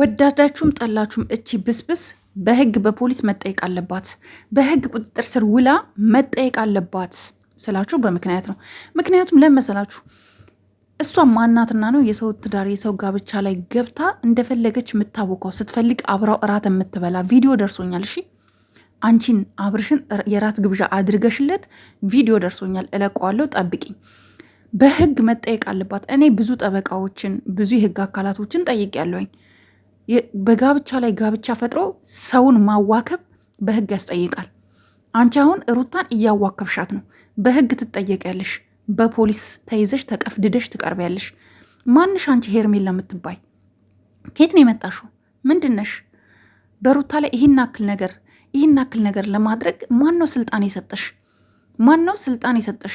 ወዳዳችሁም ጠላችሁም እቺ ብስብስ በህግ በፖሊስ መጠየቅ አለባት። በህግ ቁጥጥር ስር ውላ መጠየቅ አለባት ስላችሁ በምክንያት ነው። ምክንያቱም ለመሰላችሁ እሷ ማናትና ነው የሰው ትዳር የሰው ጋብቻ ላይ ገብታ እንደፈለገች የምታወቀው ስትፈልግ አብራው እራት የምትበላ ቪዲዮ ደርሶኛል። እሺ አንቺን አብርሽን የራት ግብዣ አድርገሽለት ቪዲዮ ደርሶኛል። እለቀዋለሁ፣ ጠብቂኝ። በህግ መጠየቅ አለባት። እኔ ብዙ ጠበቃዎችን ብዙ የህግ አካላቶችን ጠይቄያለሁኝ። በጋብቻ ላይ ጋብቻ ፈጥሮ ሰውን ማዋከብ በህግ ያስጠይቃል። አንቺ አሁን ሩታን እያዋከብሻት ነው። በህግ ትጠየቂያለሽ። በፖሊስ ተይዘሽ ተቀፍድደሽ ትቀርቢያለሽ። ማንሽ አንቺ ሄርሜላ የምትባይ ኬት ነው የመጣሽው? ምንድነሽ? በሩታ ላይ ይህን አክል ነገር ይህን አክል ነገር ለማድረግ ማን ነው ስልጣን የሰጠሽ? ማን ነው ስልጣን የሰጠሽ?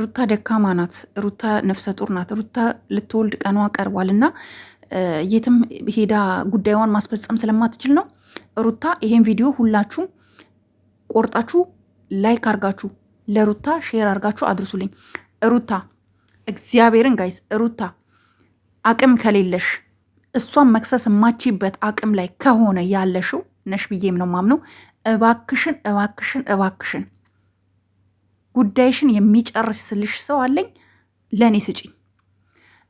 ሩታ ደካማ ናት። ሩታ ነፍሰ ጡር ናት። ሩታ ልትወልድ ቀኗ ቀርቧልና የትም ሄዳ ጉዳዩን ማስፈጸም ስለማትችል ነው። ሩታ ይሄን ቪዲዮ ሁላችሁም ቆርጣችሁ ላይክ አርጋችሁ ለሩታ ሼር አርጋችሁ አድርሱልኝ። ሩታ እግዚአብሔርን ጋይስ፣ ሩታ አቅም ከሌለሽ እሷን መክሰስ የማችበት አቅም ላይ ከሆነ ያለሽው ነሽ ብዬም ነው ማምነው። እባክሽን እባክሽን እባክሽን ጉዳይሽን የሚጨርስልሽ ሰው አለኝ ለእኔ ስጪኝ።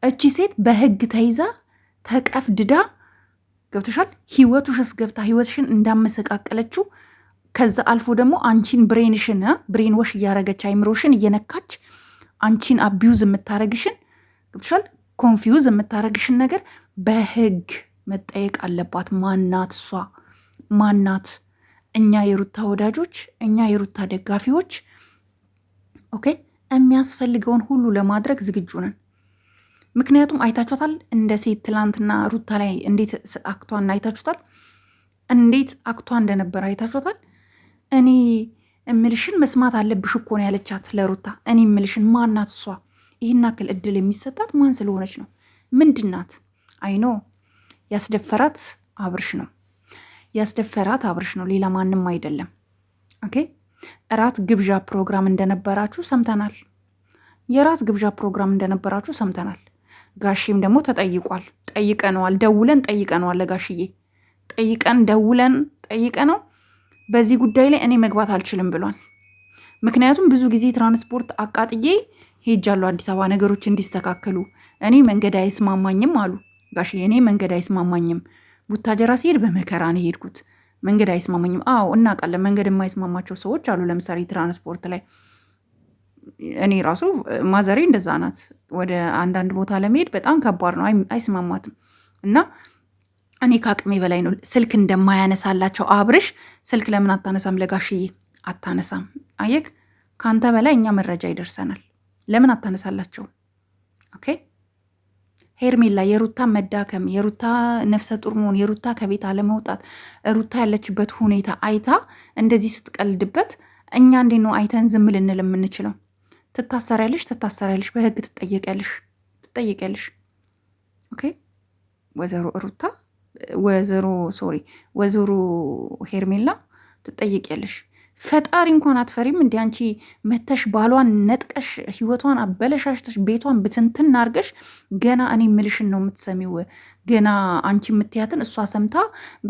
እቺ ሴት በህግ ተይዛ ተቀፍድዳ ገብቶሻል። ህይወቱሽ ውስጥ ገብታ ህይወትሽን እንዳመሰቃቀለችው ከዛ አልፎ ደግሞ አንቺን ብሬንሽን ብሬን ወሽ እያረገች አይምሮሽን እየነካች አንቺን አቢዩዝ የምታረግሽን ገብቶሻል። ኮንፊውዝ የምታረግሽን ነገር በህግ መጠየቅ አለባት። ማናት እሷ ማናት? እኛ የሩታ ወዳጆች፣ እኛ የሩታ ደጋፊዎች ኦኬ፣ የሚያስፈልገውን ሁሉ ለማድረግ ዝግጁ ነን። ምክንያቱም አይታችኋታል፣ እንደ ሴት ትላንትና ሩታ ላይ እንዴት አክቷን አይታችኋታል፣ እንዴት አክቷ እንደነበረ አይታችኋታል። እኔ እምልሽን መስማት አለብሽ እኮ ነው ያለቻት ለሩታ። እኔ እምልሽን ማናት እሷ? ይህን አክል እድል የሚሰጣት ማን ስለሆነች ነው? ምንድናት አይኖ ያስደፈራት አብርሽ ነው ያስደፈራት አብርሽ ነው፣ ሌላ ማንም አይደለም። ኦኬ እራት ግብዣ ፕሮግራም እንደነበራችሁ ሰምተናል። የራት ግብዣ ፕሮግራም እንደነበራችሁ ሰምተናል። ጋሼም ደግሞ ተጠይቋል። ጠይቀነዋል፣ ደውለን ጠይቀነዋል። ለጋሽዬ ጠይቀን ደውለን ነው በዚህ ጉዳይ ላይ እኔ መግባት አልችልም ብሏል። ምክንያቱም ብዙ ጊዜ ትራንስፖርት አቃጥዬ ሄጃለሁ አዲስ አበባ ነገሮች እንዲስተካከሉ። እኔ መንገድ አይስማማኝም አሉ ጋሽዬ። እኔ መንገድ አይስማማኝም፣ ቡታጀራ ሲሄድ በመከራ ነው የሄድኩት። መንገድ አይስማማኝም። አዎ እናውቃለን፣ መንገድ የማይስማማቸው ሰዎች አሉ። ለምሳሌ ትራንስፖርት ላይ እኔ ራሱ ማዘሬ እንደዛ ናት። ወደ አንዳንድ ቦታ ለመሄድ በጣም ከባድ ነው፣ አይስማማትም እና እኔ ከአቅሜ በላይ ነው። ስልክ እንደማያነሳላቸው አብርሽ ስልክ ለምን አታነሳም? ለጋሽዬ አታነሳም። አየክ፣ ከአንተ በላይ እኛ መረጃ ይደርሰናል። ለምን አታነሳላቸው? ኦኬ ሄርሜላ የሩታ መዳከም፣ የሩታ ነፍሰ ጡር መሆን፣ የሩታ ከቤት አለመውጣት፣ ሩታ ያለችበት ሁኔታ አይታ እንደዚህ ስትቀልድበት እኛ እንዴት ነው አይተን ዝም ልንል የምንችለው? ትታሰሪያለሽ፣ ትታሰሪያለሽ፣ በህግ ትጠየቂያለሽ፣ ትጠየቂያለሽ። ኦኬ ወይዘሮ ሩታ ወይዘሮ ሶሪ ወይዘሮ ሄርሜላ ትጠየቂያለሽ። ፈጣሪ እንኳን አትፈሪም እንዲ? አንቺ መተሽ ባሏን ነጥቀሽ ህይወቷን አበለሻሽተሽ ቤቷን ብትንትን አርገሽ ገና እኔ ምልሽን ነው የምትሰሚው። ገና አንቺ የምትያትን እሷ ሰምታ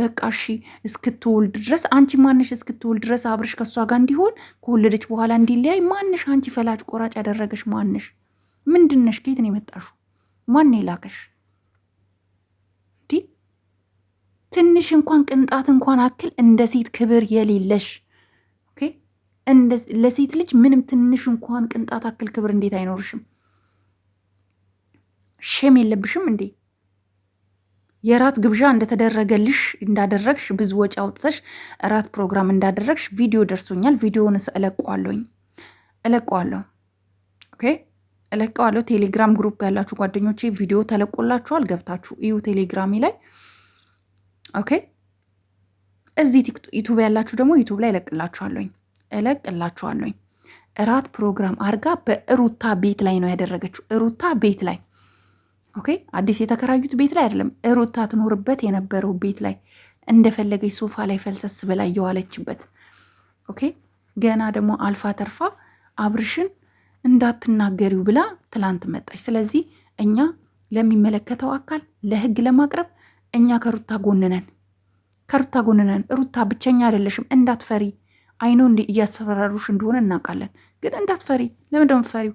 በቃ እሺ እስክትወልድ ድረስ አንቺ ማንሽ እስክትወልድ ድረስ አብረሽ ከእሷ ጋር እንዲሆን ከወለደች በኋላ እንዲለያይ ማንሽ? አንቺ ፈላጭ ቆራጭ ያደረገሽ ማንሽ? ምንድነሽ? ከየት ነው የመጣሽው? ማን የላከሽ? ትንሽ እንኳን ቅንጣት እንኳን አክል እንደ ሴት ክብር የሌለሽ ለሴት ልጅ ምንም ትንሽ እንኳን ቅንጣት አክል ክብር እንዴት አይኖርሽም? ሼም የለብሽም እንዴ? የራት ግብዣ እንደተደረገልሽ እንዳደረግሽ ብዙ ወጪ አውጥተሽ እራት ፕሮግራም እንዳደረግሽ ቪዲዮ ደርሶኛል። ቪዲዮንስ እለቀዋለሁኝ እለቀዋለሁ። ኦኬ እለቀዋለሁ። ቴሌግራም ግሩፕ ያላችሁ ጓደኞቼ ቪዲዮ ተለቆላችኋል። ገብታችሁ እዩ ቴሌግራሚ ላይ ኦኬ። እዚህ ዩቱብ ያላችሁ ደግሞ ዩቱብ ላይ እለቅላችኋለሁኝ። እለቅላችኋለሁኝ። እራት ፕሮግራም አርጋ በሩታ ቤት ላይ ነው ያደረገችው። ሩታ ቤት ላይ ኦኬ፣ አዲስ የተከራዩት ቤት ላይ አይደለም። ሩታ ትኖርበት የነበረው ቤት ላይ እንደፈለገች ሶፋ ላይ ፈልሰስ ብላ እየዋለችበት ኦኬ። ገና ደግሞ አልፋ ተርፋ አብርሽን እንዳትናገሪው ብላ ትላንት መጣች። ስለዚህ እኛ ለሚመለከተው አካል ለህግ ለማቅረብ እኛ ከሩታ ጎንነን ከሩታ ጎንነን። ሩታ ብቸኛ አይደለሽም፣ እንዳትፈሪ አይኖ እንዲ እያስፈራሩሽ እንደሆነ እናውቃለን፣ ግን እንዳትፈሪ። ለምንድን ነው ፈሪው?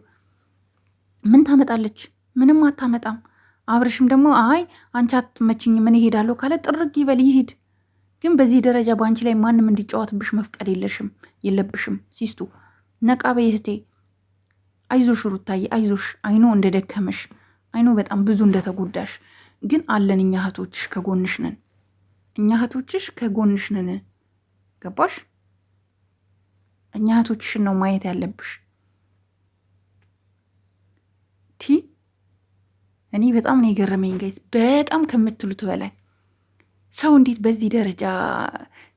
ምን ታመጣለች? ምንም አታመጣም። አብርሽም ደግሞ አይ አንቺ አትመችኝም፣ ምን እሄዳለሁ ካለ ጥርግ ይበል ይሄድ። ግን በዚህ ደረጃ በአንቺ ላይ ማንም እንዲጫወትብሽ መፍቀድ የለሽም የለብሽም። ሲስቱ ነቃ በይ አይዞሽ ሩታዬ፣ አይዞሽ። አይኖ እንደደከመሽ፣ አይኖ በጣም ብዙ እንደተጎዳሽ፣ ግን አለን እኛ እህቶችሽ ከጎንሽ ነን። እኛ እህቶችሽ ከጎንሽ ነን። ገባሽ? እኛ ነው ማየት ያለብሽ። ቲ እኔ በጣም ነው የገረመኝ ጋይዝ፣ በጣም ከምትሉት በላይ ሰው እንዴት በዚህ ደረጃ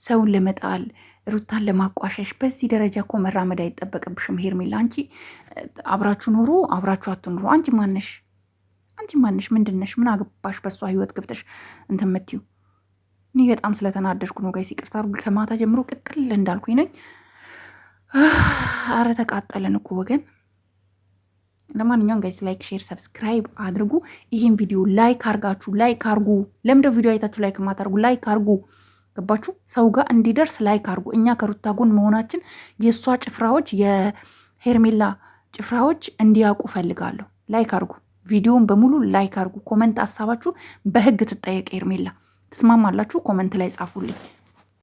ሰውን ለመጣል ሩታን ለማቋሸሽ በዚህ ደረጃ እኮ መራመድ አይጠበቅብሽም ሄርሜላ። አንቺ አብራችሁ አብራቹ አብራችሁ አትኑሩ፣ አንቺ ማነሽ? አንቺ ማነሽ? ምንድነሽ? ምን አገባሽ? በሷ ህይወት ገብተሽ እንትን የምትይው። እኔ በጣም ስለተናደድኩ ነው ጋይስ፣ ይቅርታ። ከማታ ጀምሮ ቅጥል እንዳልኩኝ ነኝ። አረ ተቃጠለን እኮ ወገን። ለማንኛውም ጋይስ ላይክ፣ ሼር፣ ሰብስክራይብ አድርጉ። ይህን ቪዲዮ ላይክ አርጋችሁ ላይክ አርጉ። ለምደው ቪዲዮ አይታችሁ ላይክ ማታርጉ? ላይክ አርጉ። ገባችሁ? ሰው ጋር እንዲደርስ ላይክ አርጉ። እኛ ከሩታ ጎን መሆናችን የእሷ ጭፍራዎች የሄርሜላ ጭፍራዎች እንዲያውቁ ፈልጋለሁ። ላይክ አርጉ። ቪዲዮን በሙሉ ላይክ አርጉ። ኮመንት ሀሳባችሁ በህግ ትጠየቅ ሄርሜላ ትስማማላችሁ? ኮመንት ላይ ጻፉልኝ።